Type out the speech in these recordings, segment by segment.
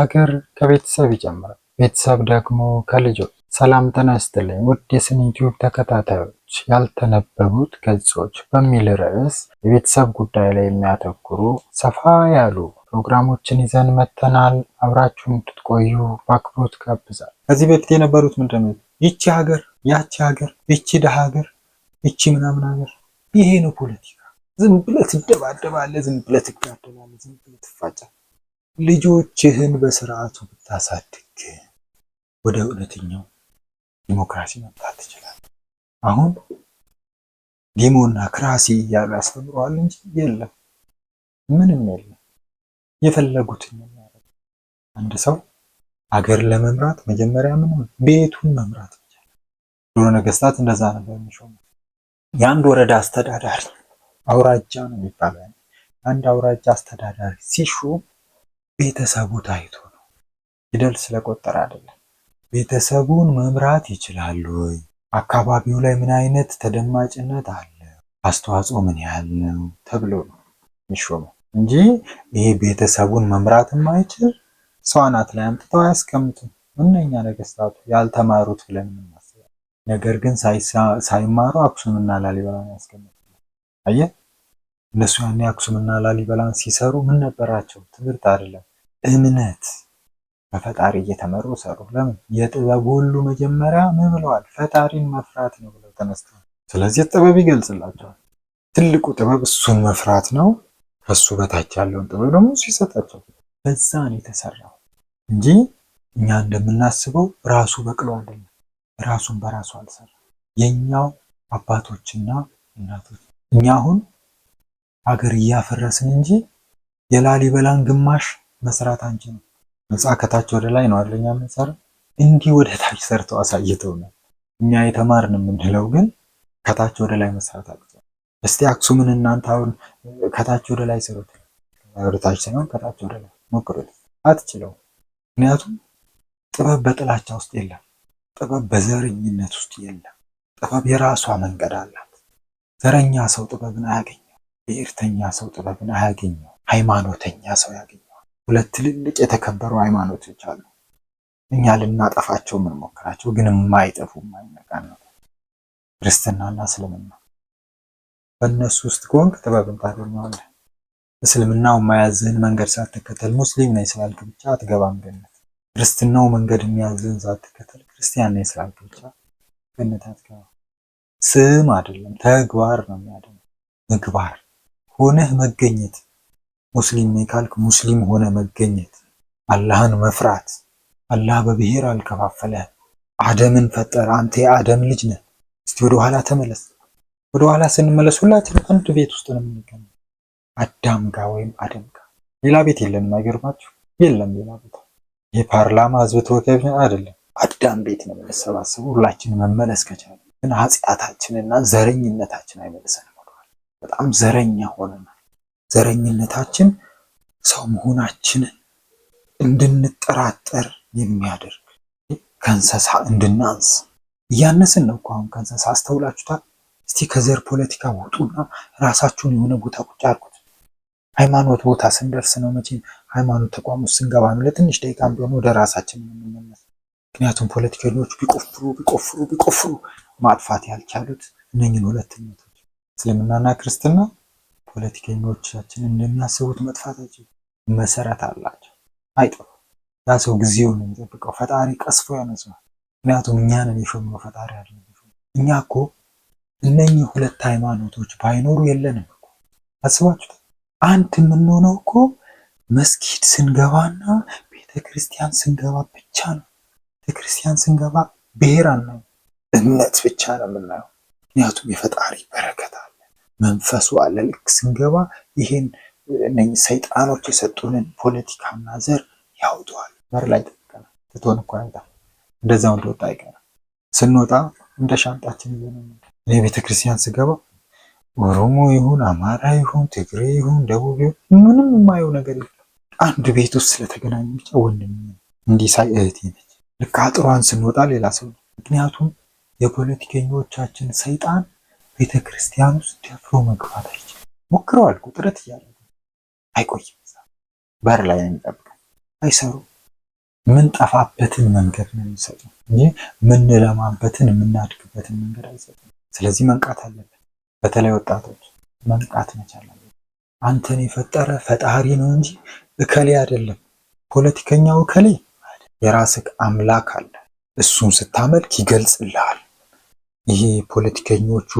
ሀገር ከቤተሰብ ይጀምራል። ቤተሰብ ደግሞ ከልጆች። ሰላም ተነስትልኝ ውድ የስኒ ቲዩብ ተከታታዮች፣ ያልተነበቡት ገጾች በሚል ርዕስ የቤተሰብ ጉዳይ ላይ የሚያተኩሩ ሰፋ ያሉ ፕሮግራሞችን ይዘን መተናል። አብራችሁን እንድትቆዩ በአክብሮት ጋብዛል። ከዚህ በፊት የነበሩት ምንድን ነው? ይቺ ሀገር፣ ያቺ ሀገር፣ ይቺ ድሃ ሀገር፣ ይቺ ምናምን ሀገር። ይሄ ነው ፖለቲካ። ዝም ብለህ ትደባደባለህ፣ ዝም ብለህ ትጋደላለህ፣ ዝም ብለህ ትፋጫለህ። ልጆችህን በስርዓቱ ብታሳድግ ወደ እውነተኛው ዲሞክራሲ መምጣት ትችላለህ። አሁን ዲሞና ክራሲ እያሉ ያስተምረዋል እንጂ የለም፣ ምንም የለም። የፈለጉትን የሚያደርግ አንድ ሰው አገር ለመምራት መጀመሪያ ምንም ቤቱን መምራት ይቻላል። ድሮ ነገስታት እንደዛ ነበር የሚሾሙት። የአንድ ወረዳ አስተዳዳሪ አውራጃ ነው የሚባለው። አንድ አውራጃ አስተዳዳሪ ሲሾም ቤተሰቡ ታይቶ ነው። ፊደል ስለቆጠረ አይደለም። ቤተሰቡን መምራት ይችላሉ ወይ? አካባቢው ላይ ምን አይነት ተደማጭነት አለ? አስተዋጽኦ ምን ያህል ነው ተብሎ ነው የሚሾመው እንጂ ይሄ ቤተሰቡን መምራት የማይችል ሰዋናት ላይ አምጥተው አያስቀምጡም። ምነኛ ነገስታቱ ያልተማሩት ብለን የምናስበው ነገር ግን ሳይማሩ አክሱምና ላሊበላን ያስቀምጡ። አየህ፣ እነሱ ያኔ አክሱምና ላሊበላን ሲሰሩ ምን ነበራቸው? ትምህርት አይደለም እምነት በፈጣሪ እየተመሩ ሰሩ። ለምን የጥበብ ሁሉ መጀመሪያ ምን ብለዋል? ፈጣሪን መፍራት ነው ብለው ተነስተዋል። ስለዚህ ጥበብ ይገልጽላቸዋል። ትልቁ ጥበብ እሱን መፍራት ነው። ከሱ በታች ያለውን ጥበብ ደግሞ እሱ ይሰጣቸው። በዛ ነው የተሰራው እንጂ እኛ እንደምናስበው ራሱ በቅሎ አይደለም። ራሱን በራሱ አልሰራ የኛው አባቶችና እናቶች እኛ አሁን ሀገር እያፈረስን እንጂ የላሊበላን ግማሽ መስራት አንችልም። ህንፃ ከታች ወደ ላይ ነው አለኛ የምንሰራው። እንዲህ ወደ ታች አሳይተው ነው እኛ የተማርን የምንለው ግን ከታች ወደ ላይ መስራት አቅቷል። እስቲ አክሱምን እናንተ አሁን ከታች ወደ ላይ ስሩት፣ ወደ ታች ሳይሆን ከታች ወደ ላይ ሞክሩት። አትችለው። ምክንያቱም ጥበብ በጥላቻ ውስጥ የለም። ጥበብ በዘረኝነት ውስጥ የለም። ጥበብ የራሷ መንገድ አላት። ዘረኛ ሰው ጥበብን አያገኘው። ብሔርተኛ ሰው ጥበብን አያገኘው። ሃይማኖተኛ ሰው ያገኘው። ሁለት ትልልቅ የተከበሩ ሃይማኖቶች አሉ። እኛ ልናጠፋቸው የምንሞክራቸው ግን የማይጠፉ የማይነቃነቁ ክርስትናና እስልምና። በእነሱ ውስጥ ከሆንክ ጥበብን ታገኘዋለህ። እስልምናው የማያዝህን መንገድ ሳትከተል ሙስሊም ነኝ ስላልክ ብቻ አትገባም ገነት። ክርስትናው መንገድ የሚያዝህን ሳትከተል ክርስቲያን ነኝ ስላልክ ብቻ ገነት አትገባም። ስም አይደለም ተግባር ነው የሚያደርገው ምግባር ሆነህ መገኘት ሙስሊም ነኝ ካልክ ሙስሊም ሆነ መገኘት፣ አላህን መፍራት። አላህ በብሔር አልከፋፈለ አደምን ፈጠረ። አንተ የአደም ልጅ ነህ። እስቲ ወደ ኋላ ተመለስ። ወደ ኋላ ስንመለስ ሁላችንም አንድ ቤት ውስጥ ነው የምንገኘው፣ አዳም ጋር ወይም አደም ጋር። ሌላ ቤት የለንም። አይገርማችሁ? የለም ሌላ ቤት። የፓርላማ ህዝብ ተወካዮች አይደለም፣ አዳም ቤት ነው የምንሰባሰቡ። ሁላችን መመለስ ከቻለ ግን ኃጢአታችንና ዘረኝነታችን አይመልሰንም። በጣም ዘረኛ ሆነን ዘረኝነታችን ሰው መሆናችንን እንድንጠራጠር የሚያደርግ ከእንስሳ እንድናንስ እያነስን ነው እኮ አሁን ከእንስሳ አስተውላችሁታል። እስቲ ከዘር ፖለቲካ ውጡና ራሳችሁን የሆነ ቦታ ቁጭ አርጉት። ሃይማኖት ቦታ ስንደርስ ነው መቼም ሃይማኖት ተቋም ውስጥ ስንገባ ነው ለትንሽ ደቂቃም ቢሆን ወደ ራሳችን የምንመለስ። ምክንያቱም ፖለቲከኞች ቢቆፍሩ ቢቆፍሩ ቢቆፍሩ ማጥፋት ያልቻሉት እነኝን ሁለት እምነቶች እስልምናና ክርስትና ፖለቲከኞቻችን እንደሚያስቡት መጥፋታቸው መሰረት አላቸው። አይጠፉም። ያ ሰው ጊዜውን ነው የሚጠብቀው። ፈጣሪ ቀስፎ ያነሳዋል። ምክንያቱም እኛንን የሾመው ፈጣሪ አለ። እኛ እኮ እነኚህ ሁለት ሃይማኖቶች ባይኖሩ የለንም እኮ አስባችሁ። አንድ የምንሆነው እኮ መስጊድ ስንገባና ቤተክርስቲያን ስንገባ ብቻ ነው። ቤተክርስቲያን ስንገባ ብሔር አናየው፣ እምነት ብቻ ነው የምናየው። ምክንያቱም የፈጣሪ በረከት መንፈሱ አለ። ልክ ስንገባ ይህን እነኝህ ሰይጣኖች የሰጡንን ፖለቲካና ዘር ያውጠዋል። መር ላይ ጠጥቀና ትትሆን እኮ አይጣ እንደዛው እንደወጣ አይቀር ስንወጣ እንደ ሻንጣችን ይዘን እኔ ቤተክርስቲያን ስገባ ኦሮሞ ይሁን አማራ ይሁን ትግሬ ይሁን ደቡብ ይሁን ምንም የማየው ነገር የለም። አንድ ቤት ውስጥ ስለተገናኙ ብቻ ወንድም እንዲህ ሳይ እህቴ ነች። ልክ አጥሯን ስንወጣ ሌላ ሰው ምክንያቱም የፖለቲከኞቻችን ሰይጣን ቤተ ክርስቲያን ውስጥ ደፍሮ መግባት አይችልም። ሞክረዋል እኮ ጥረት እያደረጉ አይቆይም። እዛ በር ላይ ነው የሚጠብቀን። አይሰሩ የምንጠፋበትን መንገድ ነው የሚሰጡ እንጂ ምንለማበትን የምናድግበትን መንገድ አይሰጡም። ስለዚህ መንቃት አለብን። በተለይ ወጣቶች መንቃት መቻል አለብን። አንተን የፈጠረ ፈጣሪ ነው እንጂ እከሌ አይደለም። ፖለቲከኛው እከሌ የራስህ አምላክ አለ። እሱን ስታመልክ ይገልጽልሃል። ይሄ ፖለቲከኞቹ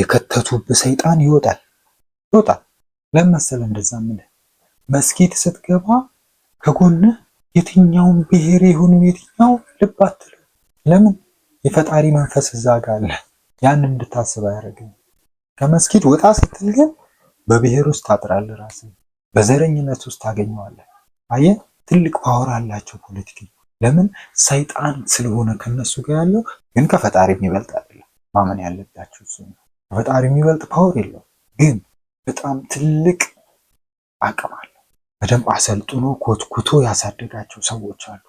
የከተቱበት ሰይጣን ይወጣል ይወጣል። ለምን እንደዛ ምን መስጊድ ስትገባ ከጎን የትኛውን ብሔር ይሁን የትኛው ልብ ለምን የፈጣሪ መንፈስ እዛ ጋር አለ። ያን እንድታስብ አያደርግም። ከመስጊድ ወጣ ስትል ግን በብሔር ውስጥ ታጥራለህ፣ ራስ በዘረኝነት ውስጥ ታገኘዋለህ። አየ ትልቅ ፓወር አላቸው ፖለቲከኞች። ለምን ሰይጣን ስለሆነ ከነሱ ጋር ያለው ግን ከፈጣሪም ይበልጣል። ማመን ያለባችሁ እሱ ነው። በፈጣሪ የሚበልጥ ፓወር የለው፣ ግን በጣም ትልቅ አቅም አለው። በደንብ አሰልጥኖ ኮትኩቶ ያሳደጋቸው ሰዎች አሉ።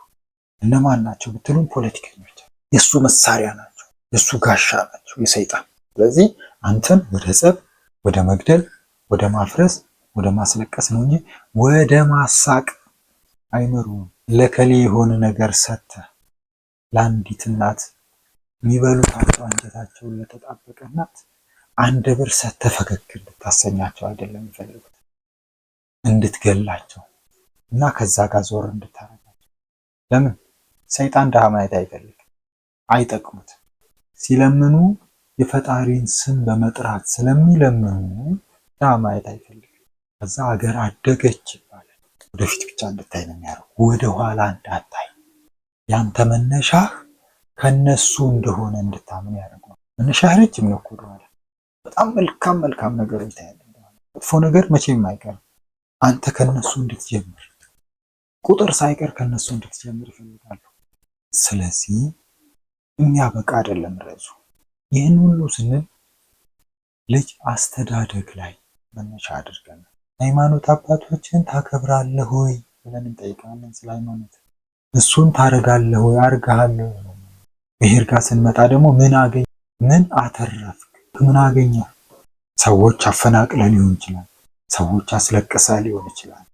እነማን ናቸው ብትሉም ፖለቲከኞች የእሱ መሳሪያ ናቸው፣ የእሱ ጋሻ ናቸው የሰይጣን። ስለዚህ አንተን ወደ ጸብ፣ ወደ መግደል፣ ወደ ማፍረስ፣ ወደ ማስለቀስ ነው እንጂ ወደ ማሳቅ አይመሩም። ለከሌ የሆነ ነገር ሰተ ለአንዲት እናት የሚበሉባቸው አንጀታቸውን ለተጣበቀ እናት አንድ ብር ሰተ ፈገግ እንድታሰኛቸው አይደለም የሚፈልጉት፣ እንድትገላቸው እና ከዛ ጋር ዞር እንድታረጋቸው። ለምን ሰይጣን ድሃ ማየት አይፈልግም፣ አይጠቅሙት። ሲለምኑ የፈጣሪን ስም በመጥራት ስለሚለምኑ ድሃ ማየት አይፈልግም። ከዛ ሀገር አደገች ይባላል። ወደፊት ብቻ እንድታይ ነው የሚያደርጉ፣ ወደኋላ እንዳታይ ያንተ መነሻህ ከነሱ እንደሆነ እንድታምን ያደርገዋል። መነሻ ረጅም ነው እኮ በጣም መልካም መልካም ነገሮች ታያለህ። መጥፎ ነገር መቼም አይቀርም። አንተ ከነሱ እንድትጀምር ቁጥር ሳይቀር ከነሱ እንድትጀምር ይፈልጋሉ። ስለዚህ የሚያበቃ አይደለም ርዕሱ። ይህን ሁሉ ስንል ልጅ አስተዳደግ ላይ መነሻ አድርገን ሃይማኖት አባቶችን ታከብራለህ ሆይ ብለን እንጠይቃለን። ስለ ሃይማኖት እሱን ታደርጋለህ ሆይ ብሔር ጋር ስንመጣ ደግሞ ምን አገኘ፣ ምን አተረፍክ፣ ምን አገኘ። ሰዎች አፈናቅለ ሊሆን ይችላል፣ ሰዎች አስለቅሰ ሊሆን ይችላል፣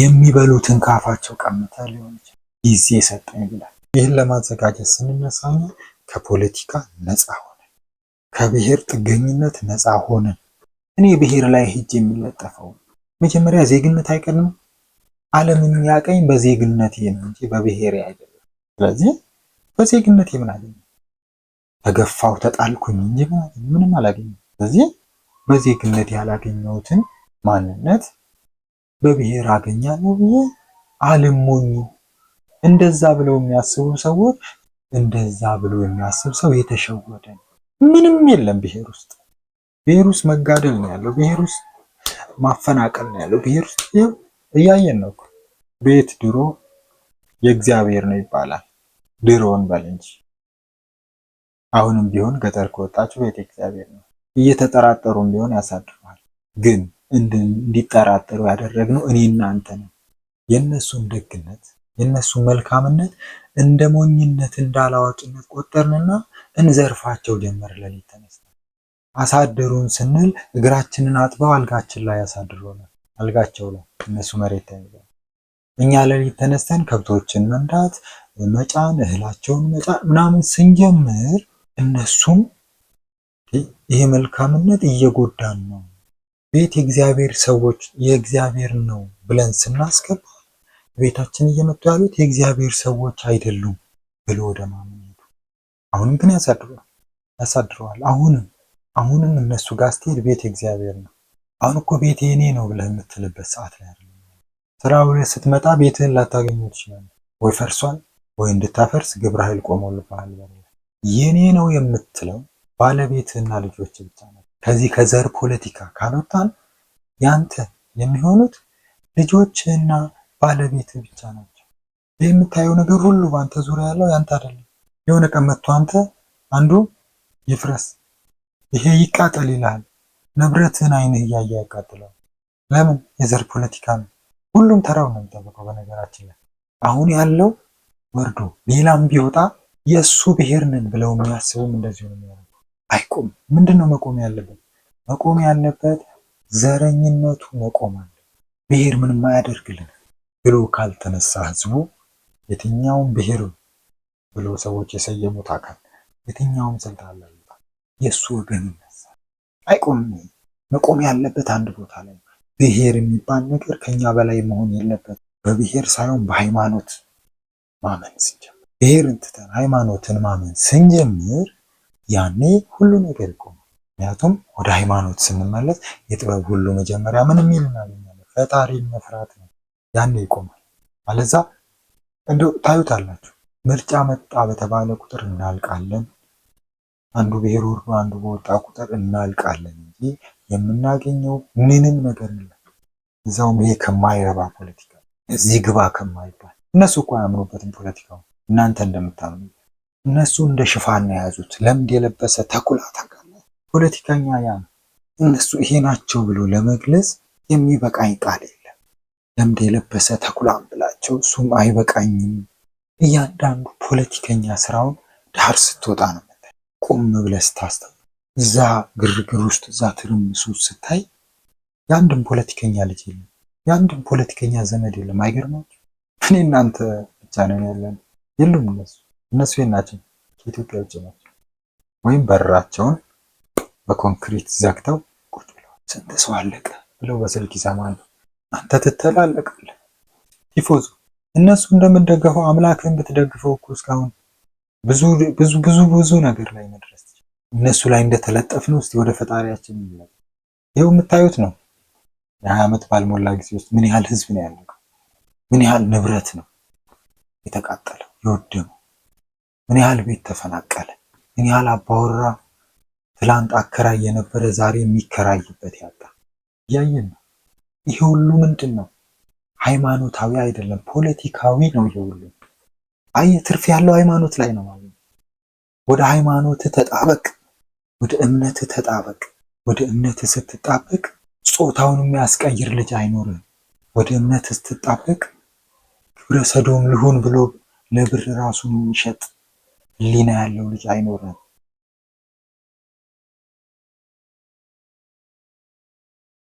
የሚበሉትን ካፋቸው ቀምተ ሊሆን ይችላል። ጊዜ ሰጠኝ ይላል። ይህን ለማዘጋጀት ስንነሳ ከፖለቲካ ነፃ ሆነን ከብሔር ጥገኝነት ነፃ ሆነን እኔ ብሔር ላይ ሂጅ የሚለጠፈው መጀመሪያ ዜግነት አይቀድምም። ዓለምን ያቀኝ በዜግነት ነው እንጂ በብሔሬ አይደለም። ስለዚህ በዜግነት የምን አገኘ? ተገፋው ተጣልኩኝ እንጂ ምንም አላገኘ። ስለዚህ በዜግነት ያላገኘሁትን ማንነት በብሔር አገኛለሁ ብዬ አልሞኙ። እንደዛ ብለው የሚያስቡ ሰዎች እንደዛ ብሎ የሚያስብ ሰው የተሸወደ ነው። ምንም የለም ብሔር ውስጥ ብሔር ውስጥ መጋደል ነው ያለው። ብሔር ውስጥ ማፈናቀል ነው ያለው። ብሔር ውስጥ እያየን ነው። ቤት ድሮ የእግዚአብሔር ነው ይባላል። ድሮውን በል እንጂ አሁንም ቢሆን ገጠር ከወጣችሁ ቤተ እግዚአብሔር ነው። እየተጠራጠሩም ቢሆን ያሳድረዋል። ግን እንዲጠራጠሩ ያደረግነው እኔ እናንተ ነው። የእነሱን ደግነት የእነሱን መልካምነት እንደ ሞኝነት እንዳላዋቂነት ቆጠርንና እንዘርፋቸው ጀመር። ለሊት ተነስተን አሳደሩን ስንል እግራችንን አጥበው አልጋችን ላይ ያሳድሮናል። አልጋቸው ላይ እነሱ መሬት ተይዘው እኛ ለሊት ተነስተን ከብቶችን መንዳት መጫን እህላቸውን መጫን ምናምን ስንጀምር እነሱም ይሄ መልካምነት እየጎዳን ነው፣ ቤት የእግዚአብሔር ሰዎች የእግዚአብሔር ነው ብለን ስናስገባ ቤታችን እየመጡ ያሉት የእግዚአብሔር ሰዎች አይደሉም ብሎ ወደ ማመን ሄዱ። አሁንም ግን ያሳድረዋል ያሳድረዋል። አሁንም አሁንም እነሱ ጋር ስትሄድ ቤት የእግዚአብሔር ነው። አሁን እኮ ቤት የኔ ነው ብለህ የምትልበት ሰዓት ላይ አይደለም። ስራ ስትመጣ ቤትህን ላታገኙ ትችላለህ ወይ ፈርሷል ወይ እንድታፈርስ ግብረ ኃይል ቆሞልሃል። የኔ ነው የምትለው ባለቤትህና ልጆች ብቻ ነው። ከዚህ ከዘር ፖለቲካ ካልወጣን ያንተ የሚሆኑት ልጆችህና ባለቤት ብቻ ናቸው። የምታየው ነገር ሁሉ በአንተ ዙሪያ ያለው ያንተ አይደለም። የሆነ ቀን መጥቶ አንተ አንዱ ይፍረስ ይሄ ይቃጠል ይልሃል። ንብረትህን አይንህ እያየ ያቃጥለው። ለምን? የዘር ፖለቲካ ነው። ሁሉም ተራው ነው የሚጠብቀው። በነገራችን ላይ አሁን ያለው ወርዶ ሌላም ቢወጣ የእሱ ብሔር ነን ብለው የሚያስቡም እንደዚሁ ነው የሚያደርጉ። አይቆም። ምንድን ነው መቆም ያለበት? መቆም ያለበት ዘረኝነቱ መቆም አለ። ብሔር ምንም አያደርግልን ብሎ ካልተነሳ ህዝቡ የትኛውም ብሔር ብሎ ሰዎች የሰየሙት አካል የትኛውም ስልጣን ላይ የእሱ ወገን ይነሳል። አይቆም። መቆም ያለበት አንድ ቦታ ላይ ብሔር የሚባል ነገር ከኛ በላይ መሆን የለበት። በብሔር ሳይሆን በሃይማኖት ማመን ስንጀምር፣ ብሔርን ትተን ሃይማኖትን ማመን ስንጀምር ያኔ ሁሉ ነገር ይቆማል። ምክንያቱም ወደ ሃይማኖት ስንመለስ የጥበብ ሁሉ መጀመሪያ ምን የሚል እናገኛለን? ፈጣሪን መፍራት ነው። ያኔ ይቆማል። አለዛ እንደ ታዩታላችሁ ምርጫ መጣ በተባለ ቁጥር እናልቃለን። አንዱ ብሔር ወርዶ አንዱ በወጣ ቁጥር እናልቃለን እንጂ የምናገኘው ምንም ነገር የለም። እዛውም ይሄ ከማይረባ ፖለቲካ እዚህ ግባ ከማይባል እነሱ እኮ አያምኑበትም ፖለቲካው እናንተ እንደምታምኑ እነሱ እንደ ሽፋን ነው የያዙት። ለምድ የለበሰ ተኩላ ታውቃለህ፣ ፖለቲከኛ ያ እነሱ ይሄ ናቸው ብሎ ለመግለጽ የሚበቃኝ ቃል የለም። ለምድ የለበሰ ተኩላም ብላቸው እሱም አይበቃኝም። እያንዳንዱ ፖለቲከኛ ስራውን ዳር ስትወጣ ነው የምታይ። ቁም ብለህ ስታስተው እዛ ግርግር ውስጥ እዛ ትርምሱ ስታይ የአንድም ፖለቲከኛ ልጅ የለም፣ የአንድም ፖለቲከኛ ዘመድ የለም። አይገርማችሁ? እኔ እናንተ ብቻ ነን ያለን። የሉም እነሱ እነሱ ናቸው ከኢትዮጵያ ውጭ ናቸው፣ ወይም በራቸውን በኮንክሪት ዘግተው ቁጭ ብለዋል። ስንት ሰው አለቀ ብለው በስልክ ይሰማሉ። አንተ ትተላለቃለህ። ቲፎዞ እነሱ እንደምንደገፈው አምላክን ብትደግፈው እኮ እስካሁን ብዙ ብዙ ብዙ ብዙ ነገር ላይ መድረስ እነሱ ላይ ነው። እስቲ ወደ ፈጣሪያችን ይላል። ይኸው የምታዩት ነው። የሀያ ዓመት ባልሞላ ጊዜ ውስጥ ምን ያህል ህዝብ ነው ያለው? ምን ያህል ንብረት ነው የተቃጠለው የወደመው? ምን ያህል ቤት ተፈናቀለ? ምን ያህል አባወራ ትላንት አከራይ የነበረ ዛሬ የሚከራይበት ያጣ እያየን ነው። ይሄ ሁሉ ምንድን ነው? ሃይማኖታዊ አይደለም፣ ፖለቲካዊ ነው። ይሄ ሁሉ አየ ትርፍ ያለው ሃይማኖት ላይ ነው ማለት ወደ ሃይማኖት ተጣበቅ፣ ወደ እምነት ተጣበቅ። ወደ እምነት ስትጣበቅ ጾታውን የሚያስቀይር ልጅ አይኖርም። ወደ እምነት ስትጣበቅ ግብረ ሰዶም ልሆን ብሎ ለብር ራሱን የሚሸጥ ሊና ያለው ልጅ አይኖርም።